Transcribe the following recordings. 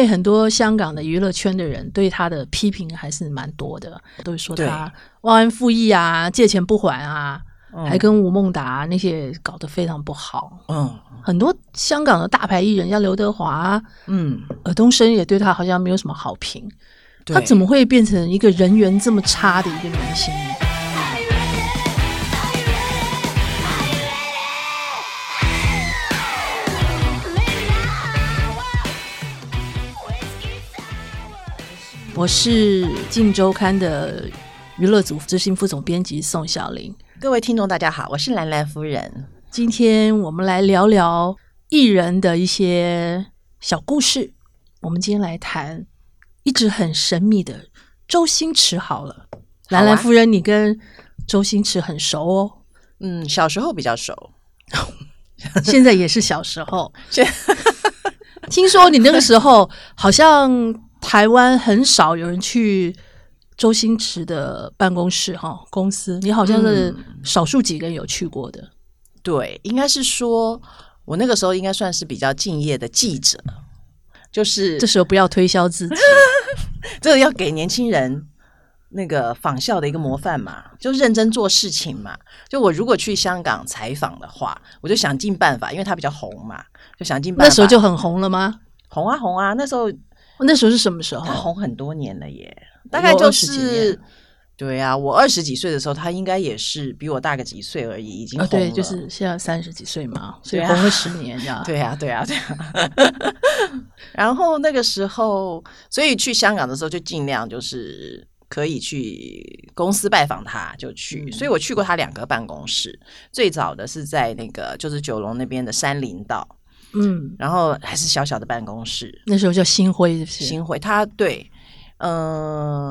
被很多香港的娛樂圈的人對他的批評還是蠻多的，都是說他忘恩負義啊，對借錢不還啊，嗯、還跟吳孟達那些搞得非常不好。嗯，很多香港的大牌藝人，像劉德華、嗯，爾冬陞也對他好像沒有什麼好評。對他怎麼會變成一個人緣這麼差的一個明星呢？我是《鏡週刊》的娛樂組執行副總編輯宋曉玲。各位聽眾，大家好，我是蘭蘭夫人。今天我們來聊聊藝人的一些小故事。我們今天來談一直很神秘的周星馳。好了，蘭蘭夫人，啊、你跟周星馳很熟哦。嗯，小時候比較熟， 現在也是小時候。 聽說你那個時候好像。台灣很少有人去周星馳的辦公室哈、哦，公司你好像是少數幾個人有去過的。嗯、對，應該是說，我那個時候應該算是比較敬業的記者，就是這時候不要推銷自己，這個 要給年輕人那個仿效的一個模範嘛，就認真做事情嘛。就我如果去香港採訪的話，我就想盡辦法，因為他比較紅嘛，就想盡辦法。那時候就很紅了嗎？紅啊紅啊，那時候。那時候是什麼時候？他紅很多年了耶，對大概就是對呀、啊，我二十幾歲的時候，他應該也是比我大個幾歲而已，已經紅了。哦、對，就是現在三十幾歲嘛，啊、所以紅了十年呀、啊。對呀、啊，對呀、啊，對呀。然後那個時候，所以去香港的時候就儘量就是可以去公司拜訪他，就去。嗯、所以我去過他兩個辦公室，嗯、最早的是在那個就是九龍那邊的山林道。嗯，然後還是小小的辦公室，那時候叫星輝是不是？星輝，他對，嗯、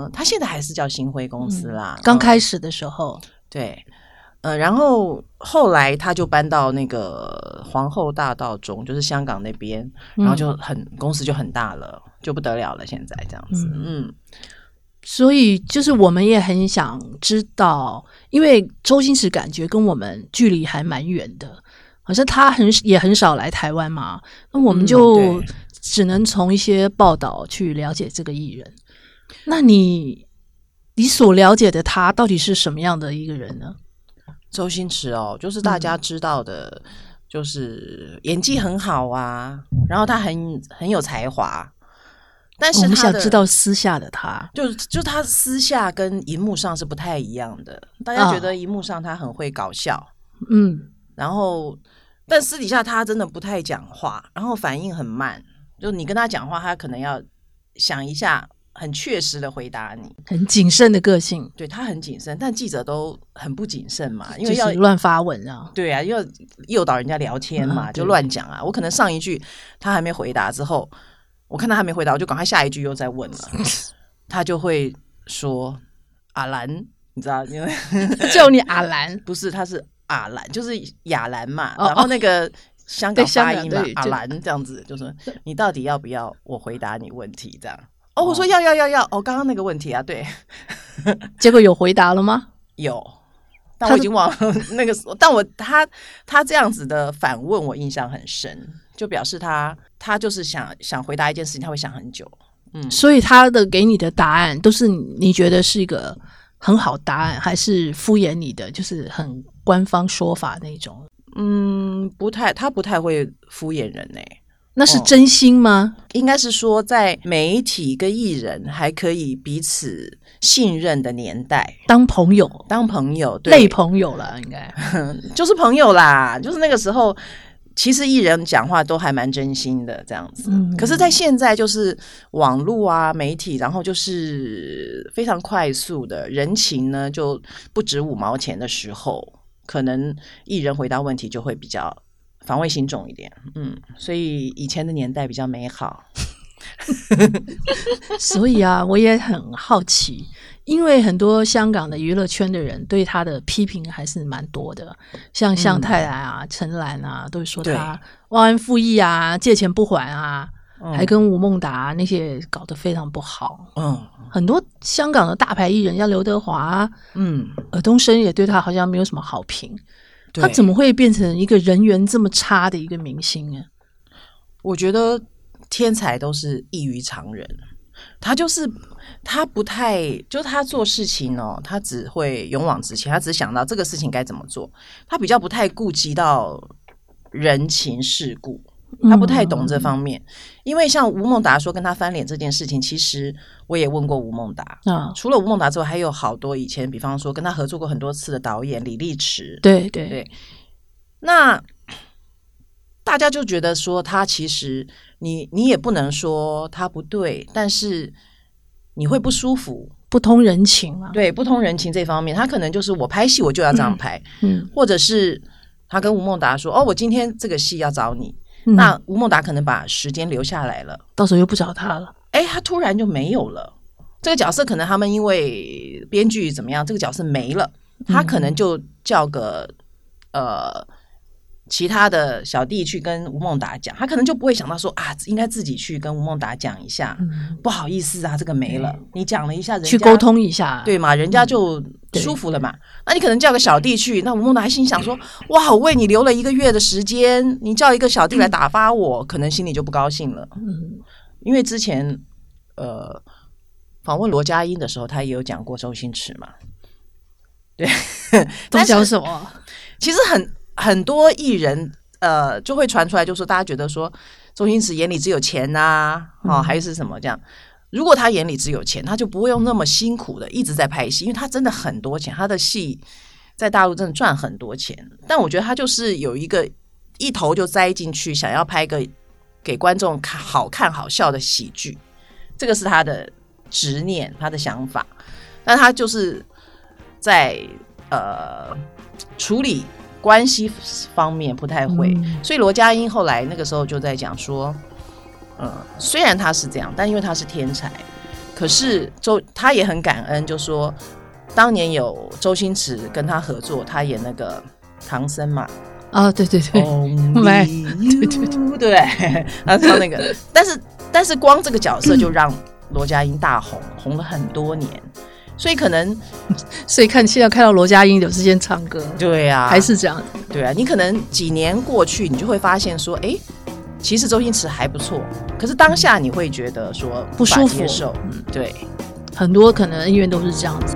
呃，他現在還是叫星輝公司啦、嗯。剛開始的時候，呃、對，嗯、呃，然後後來他就搬到那個皇後大道中，就是香港那邊，然後就很、嗯、公司就很大了，就不得了了。現在這樣子，嗯，嗯所以就是我們也很想知道，因為周星馳感覺跟我們距離還蠻遠的。好像他很也很少來台灣嘛，那我們就只能從一些報道去了解這個藝人。嗯、那你你所了解的他到底是什麼樣的一個人呢？周星馳哦，就是大家知道的，嗯、就是演技很好啊，然後他很很有才華，但是他我想知道私下的他，就就他私下跟熒幕上是不太一樣的。大家覺得熒幕上他很會搞笑，啊、嗯。然後，但私底下他真的不太講話，然後反應很慢，就是你跟他講話，他可能要想一下，很確實的回答你，很謹慎的個性。對，他很謹慎，但記者都很不謹慎嘛，因為要亂發文啊。對啊，要誘導人家聊天嘛，嗯、就亂講啊。對我可能上一句他還沒回答之後，我看他還沒回答，我就趕快下一句又在問了， 他就會說：“阿蘭，你知道因為， 就你阿蘭，不是他是。”阿蘭就是亞蘭嘛，哦哦然後那個香港發音的阿蘭這樣子，對就是你到底要不要我回答你問題？這樣對哦，我說要要要要，哦，剛剛那個問題啊，對，結果有回答了嗎？有，但我已經忘了那個，他是但我他他這樣子的反問，我印象很深，就表示他他就是想想回答一件事情，他會想很久，嗯，所以他的給你的答案都是你覺得是一個。很好，答案還是敷衍你的，就是很官方說法那種。嗯，不太，他不太會敷衍人嘞、欸。那是真心嗎？哦、應該是說，在媒體跟藝人還可以彼此信任的年代，當朋友，當朋友，對，累朋友了應該，應該 就是朋友啦，就是那個時候。其實藝人講話都還蠻真心的，這樣子。嗯、可是，在現在就是網絡啊、媒體，然後就是非常快速的人情呢，就不止五毛錢的時候，可能藝人回答問題就會比較防衛心重一點。嗯，所以以前的年代比較美好。 所以啊，我也很好奇，因為很多香港的娛樂圈的人對他的批評還是蠻多的，像向太來啊、陳、嗯、嵐啊，都是說他忘恩負義啊、嗯、借錢不還啊，還跟吳孟達那些搞得非常不好。嗯，很多香港的大牌藝人，像劉德華、嗯、爾冬陞，也對他好像沒有什麼好評。對他怎麼會變成一個人緣這麼差的一個明星呢？我覺得。天才都是異於常人，他就是他不太，就他做事情哦，他只會勇往直前，他只想到這個事情該怎麼做，他比較不太顧及到人情世故，他不太懂這方面。嗯、因為像吳孟達說跟他翻臉這件事情，其實我也問過吳孟達啊，嗯、除了吳孟達之外，還有好多以前，比方說跟他合作過很多次的導演李力持，對對對，那。大家就覺得說他其實你你也不能說他不對，但是你會不舒服，不通人情啊。對，不通人情這方面，他可能就是我拍戲我就要這樣拍，嗯，嗯或者是他跟吳孟達說哦，我今天這個戲要找你，嗯、那吳孟達可能把時間留下來了，到時候又不找他了。誒、哎，他突然就沒有了。這個角色可能他們因為編劇怎麼樣，這個角色沒了，他可能就叫個、嗯、呃。其他的小弟去跟吳孟達講，他可能就不會想到說啊，應該自己去跟吳孟達講一下，嗯、不好意思啊，這個沒了，嗯、你講了一下人家，人。去溝通一下，對嘛？人家就舒服了嘛。嗯、那你可能叫個小弟去，那吳孟達心想說，對哇，我為你留了一個月的時間，你叫一個小弟來打發我，嗯、可能心裡就不高興了。嗯、因為之前呃，訪問羅家英的時候，他也有講過周星馳嘛，對，他 講什麼？其實很。很多藝人呃，就會傳出來，就是大家覺得說周星馳眼裡只有錢吶，啊，哦，還是什麼這樣。如果他眼裡只有錢，他就不會用那麼辛苦的一直在拍戲，因為他真的很多錢，他的戲在大陸真的賺很多錢。但我覺得他就是有一個一頭就栽進去，想要拍個給觀眾看好看好笑的喜劇，這個是他的執念，他的想法。但他就是在呃處理。關係方面不太會，嗯、所以羅家英後來那個時候就在講說、嗯，雖然他是這樣，但因為他是天才，可是周他也很感恩就，就說當年有周星馳跟他合作，他演那個唐僧嘛。啊、哦，對對對，來、哦，對對對，啊，他那個，但是但是光這個角色就讓羅家英大紅，嗯、紅了很多年。所以可能，所以看現在看到羅家英有時間唱歌，對呀、啊，還是這樣，對啊。你可能幾年過去，你就會發現說，哎，其實周星馳還不錯，可是當下你會覺得說不，不舒服，對嗯，對，很多可能恩怨都是這樣子。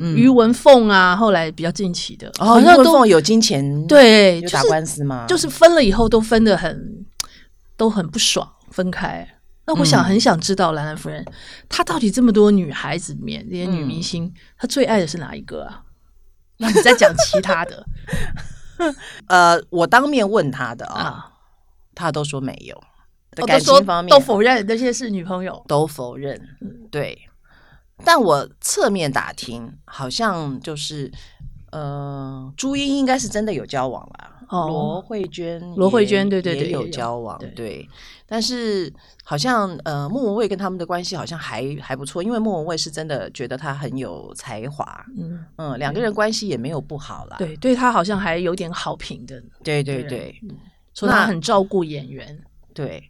於文鳳啊，後來比較近期的。哦，那都有金錢對，就打官司嘛？就是分了以後都分得很，都很不爽，分開。那我想很想知道蘭蘭夫人，她到底這麼多女孩子裡面，這些女明星，她最愛的是哪一個啊？那你再講其他的。呃，我當面問她的啊，她都說沒有，感情方面都否認那些是女朋友，都否認。對。但我側面打聽，好像就是，呃，朱茵應該是真的有交往了。羅慧娟，羅慧娟對對也有交往，對。但是好像呃，莫文蔚跟他們的關係好像還還不錯，因為莫文蔚是真的覺得他很有才華。嗯嗯，兩個人關係也沒有不好啦。對，對他好像還有點好評的。對對對，說他很照顧演員。對，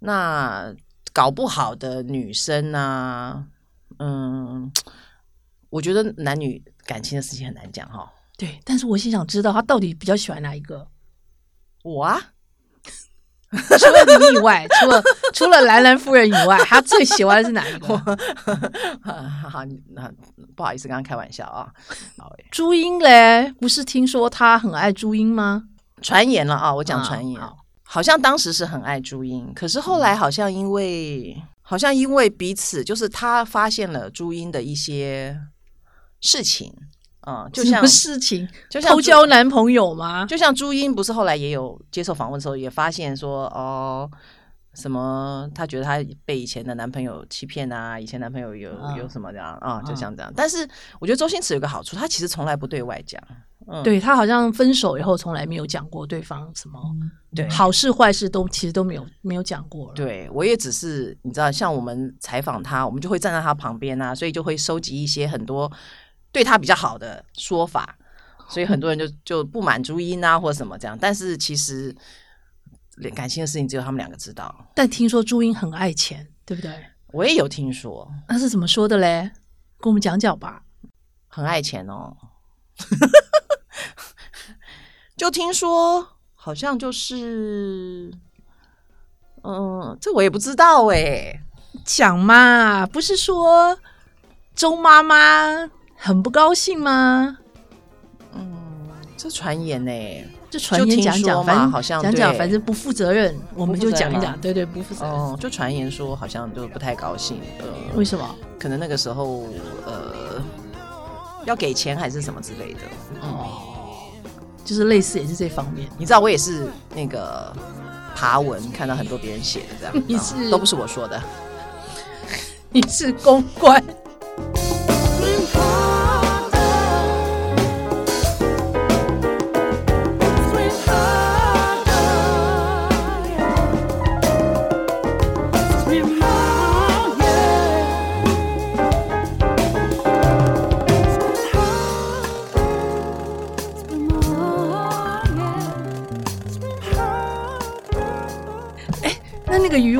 那搞不好的女生啊。嗯，我覺得男女感情的事情很難講哈、哦。對，但是我先想知道他到底比較喜歡哪一個？我、啊？除了你以外， 除了除了蘭蘭夫人以外， 他最喜歡的是哪一個？哈我、 嗯啊、好、啊，不好意思，剛剛開玩笑啊、哦。耶朱茵嘞，不是聽說他很愛朱茵嗎？傳言了啊，我講傳言，啊、好，好像當時是很愛朱茵，可是後來好像因為。嗯好像因為彼此，就是他發現了朱茵的一些事情，啊、嗯，就像事情，就像偷交男朋友嗎？就像朱茵不是後來也有接受訪問的時候，也發現說，哦，什麼？他覺得他被以前的男朋友欺騙啊，以前男朋友有有什麼這樣啊、嗯，就像這樣。啊、但是我覺得周星馳有個好處，他其實從來不對外講。嗯、對，他好像分手以後從來沒有講過對方什麼，嗯、對，好事壞事都其實都沒有沒有講過。對，我也只是你知道，像我們採訪他，我們就會站在他旁邊啊，所以就會收集一些很多對他比較好的說法。所以很多人就就不滿朱茵啊或者什麼這樣，但是其實感情的事情只有他們兩個知道。但聽說朱茵很愛錢，對不對？我也有聽說，那是怎麼說的嘞？跟我們講講吧。很愛錢哦。 就聽說，好像就是，嗯，這我也不知道哎、欸。講嘛，不是說周媽媽很不高興嗎？嗯，這傳言呢、欸，就傳言講講反，反正講講，反正不負責任，責任啊、我們就講一講，啊、對，對對，不負責任，嗯。就傳言說，好像就不太高興。呃、為什麼？可能那個時候，呃，要給錢還是什麼之類的。哦、嗯。就是類似，也是這方面。你知道，我也是那個爬文，看到很多別人寫的這樣，你 是、哦、都不是我說的， 你是公關。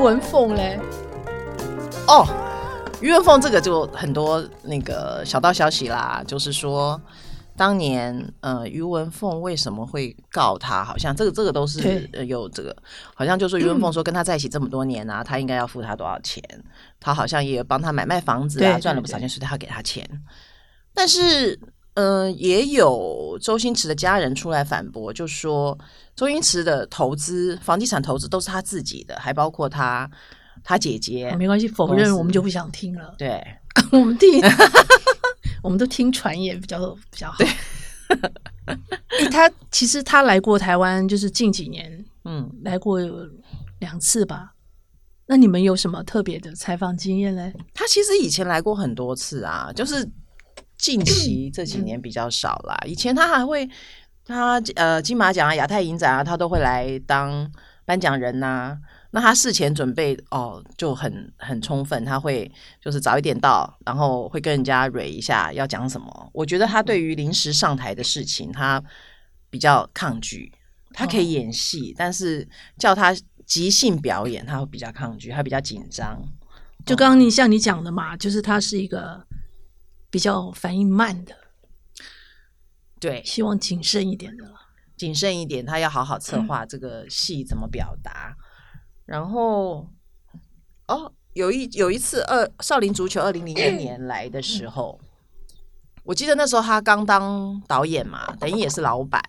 於文鳳嘞？哦，於文鳳這個就很多那個小道消息啦，就是說當年呃於文鳳為什麼會告他？好像這個這個都是、呃、有這個，對好像就說於文鳳說跟他在一起這麼多年啊，嗯、他應該要付他多少錢？他好像也幫他買賣房子啊，對對對，賺了不少錢，所以他給他錢，但是。嗯、呃，也有周星馳的家人出來反駁，就說周星馳的投資、房地產投資都是他自己的，還包括他他姐姐。沒關係，否認司我們就不想聽了。對 我們第一， 我們都聽傳言比較比較，比較好。對 欸、他其實他來過台灣，就是近幾年，嗯，來過兩次吧。那你們有什麼特別的採訪經驗呢？他其實以前來過很多次啊，就是。近期這幾年比較少啦，嗯、以前他還會他呃金馬獎啊、亞太影展啊，他都會來當頒獎人吶、啊。那他事前準備哦，就很很充分，他會就是早一點到，然後會跟人家 re 一下要講什麼。我覺得他對於臨時上台的事情，他比較抗拒。他可以演戲，嗯、但是叫他即興表演，他會比較抗拒，他比較緊張。就剛你像你講的嘛，嗯、就是他是一個。比較反應慢的，對，希望謹慎一點的了。謹慎一點，他要好好策劃這個戲怎麼表達。嗯、然後，哦，有一有一次，二、呃《少林足球》二零零一年來的時候，嗯、我記得那時候他剛當導演嘛，等於也是老闆，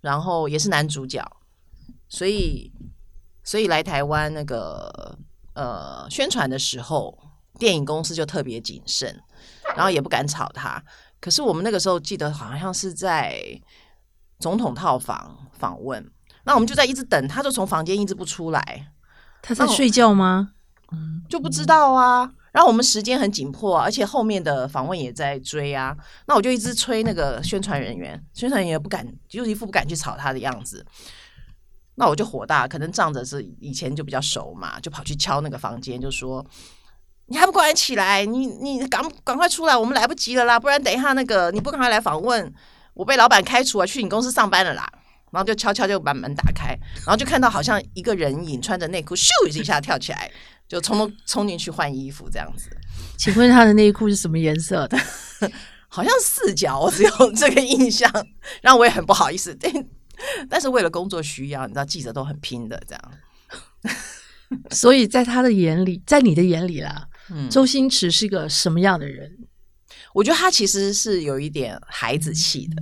然後也是男主角，所以，所以來台灣那個呃宣傳的時候，電影公司就特別謹慎。然後也不敢吵他，可是我們那個時候記得好像是在總統套房訪問，那我們就在一直等，他就從房間一直不出來，他在睡覺嗎？就不知道啊。然後我們時間很緊迫啊，而且後面的訪問也在追啊，那我就一直催那個宣傳人員，宣傳人員不敢，就是一副不敢去吵他的樣子。那我就火大，可能仗着是以前就比較熟嘛，就跑去敲那個房間，就說。你還不趕快起來，你你趕趕快出來，我們來不及了啦！不然等一下那個你不趕快來訪問，我被老闆開除啊。去你公司上班了啦！然後就悄悄就把門打開，然後就看到好像一個人影穿着內褲，咻一下跳起來，就冲衝進去換衣服這樣子。請問他的內褲是什麼顏色的？ 好像四角，我只有這個印象，讓我也很不好意思。但但是為了工作需要，你知道記者都很拼的這樣。 所以在他的眼裡，在你的眼裡啦。周星馳是一個什麼樣的人？我覺得他其實是有一點孩子氣的。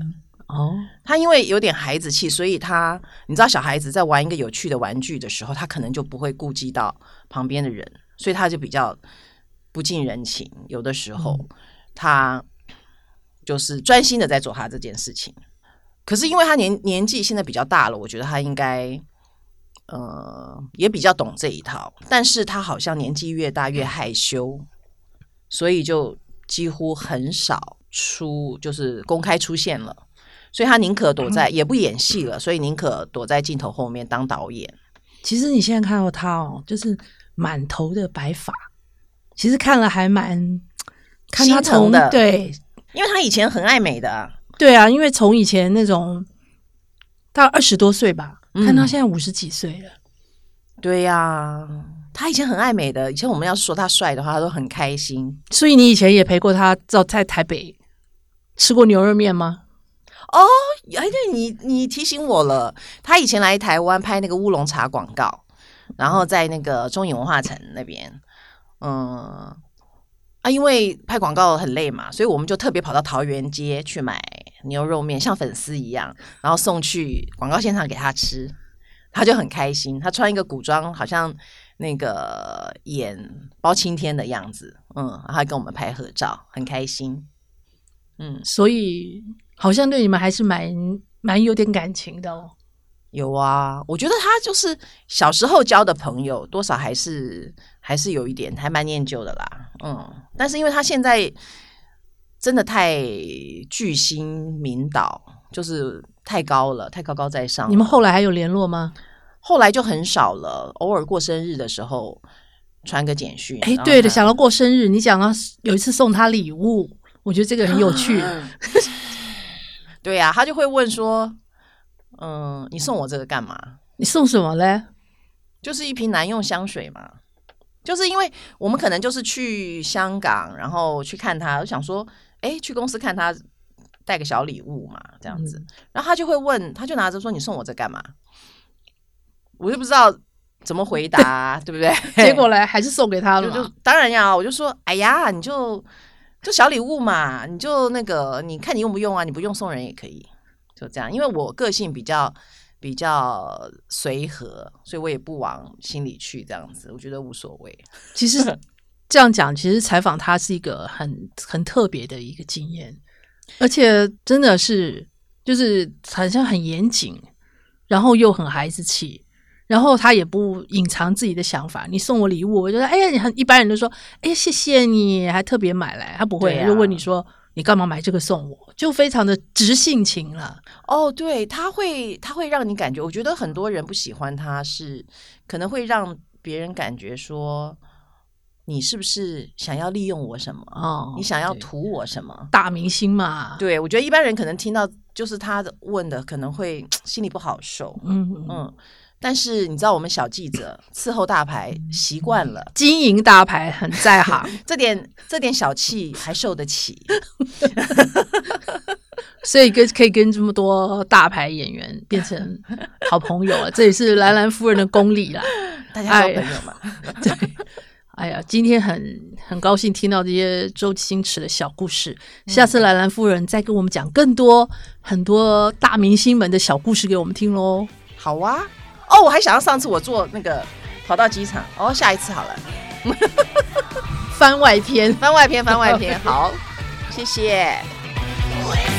哦，他因為有點孩子氣，所以他你知道小孩子在玩一個有趣的玩具的時候，他可能就不會顧及到旁邊的人，所以他就比較不近人情。有的時候他就是專心的在做他這件事情，可是因為他年年紀現在比較大了，我覺得他應該。呃，也比較懂這一套，但是他好像年紀越大越害羞，所以就幾乎很少出，就是公開出現了。所以他寧可躲在，嗯、也不演戲了。所以寧可躲在鏡頭後面當導演。其實你現在看到他哦，就是滿頭的白髮，其實看了還蠻心疼的。對，因為他以前很愛美的。對啊，因為從以前那種到二十多歲吧。看到現在五十幾歲了，嗯，對呀，啊，他以前很愛美的，以前我們要說他帥的話，他都很開心。所以你以前也陪過他，到在台北吃過牛肉麵嗎？哦，哎，對，你你提醒我了，他以前來台灣拍那個烏龍茶廣告，然後在那個中影文化城那邊，嗯啊，因為拍廣告很累嘛，所以我們就特別跑到桃源街去買。牛肉麵像粉絲一樣，然後送去廣告現場給他吃，他就很開心。他穿一個古裝，好像那個演包青天的樣子，嗯，然後還跟我們拍合照，很開心。嗯，所以好像對你們還是蠻蠻有點感情的哦？有啊，我覺得他就是小時候交的朋友，多少還是還是有一點還蠻念舊的啦。嗯，但是因為他現在。真的太巨星名導，就是太高了，太高高在上。你們後來還有聯絡嗎？後來就很少了，偶爾過生日的時候傳個簡訊。哎、欸，對的，想到過生日，你想到有一次送他禮物，嗯、我覺得這個很有趣。 對呀、啊，他就會問說：“嗯，你送我這個幹嘛？你送什麼嘞？”就是一瓶男用香水嘛，就是因為我們可能就是去香港，然後去看他，我想說。誒，去公司看他帶個小禮物嘛，這樣子，嗯、然後他就會問，他就拿着說：“你送我這幹嘛？”我就不知道怎麼回答， 對不對？結果呢，還是送給他了。就，就當然呀，我就說：“哎呀，你就就小禮物嘛，你就那個，你看你用不用啊？你不用送人也可以，就這樣。因為我個性比較比較隨和，所以我也不往心裡去，這樣子，我覺得無所謂。其實。這樣講，其實採訪他是一個很很特別的一個經驗，而且真的是就是好像很嚴謹，然後又很孩子氣，然後他也不隱藏自己的想法。你送我禮物，我覺得哎呀，你很一般人都說哎呀，謝謝你，還特別買來，他不會，又問啊，你說你幹嘛買這個送我？就非常的直性情了。哦，對，他會他會讓你感覺，我覺得很多人不喜歡他是可能會讓別人感覺說。你是不是想要利用我什麼？哦，你想要圖我什麼？大明星嘛，對，我覺得一般人可能聽到就是他問的，可能會心裡不好受。嗯哼嗯，但是你知道，我們小記者 伺候大牌習慣了，經營大牌很在行， 這點這點小氣還受得起， 所以跟可以跟這麼多大牌演員變成好朋友啊， 這也是蘭蘭夫人的功力啦，大家交朋友嘛，對。哎呀，今天很很高興聽到這些周星馳的小故事。嗯、下次蘭蘭夫人再跟我們講更多很多大明星們的小故事給我們聽嘍。好啊，哦，我還想要上次我坐那個跑到機場，哦，下一次好了， 番外篇，番外篇，番外篇，好， 謝謝。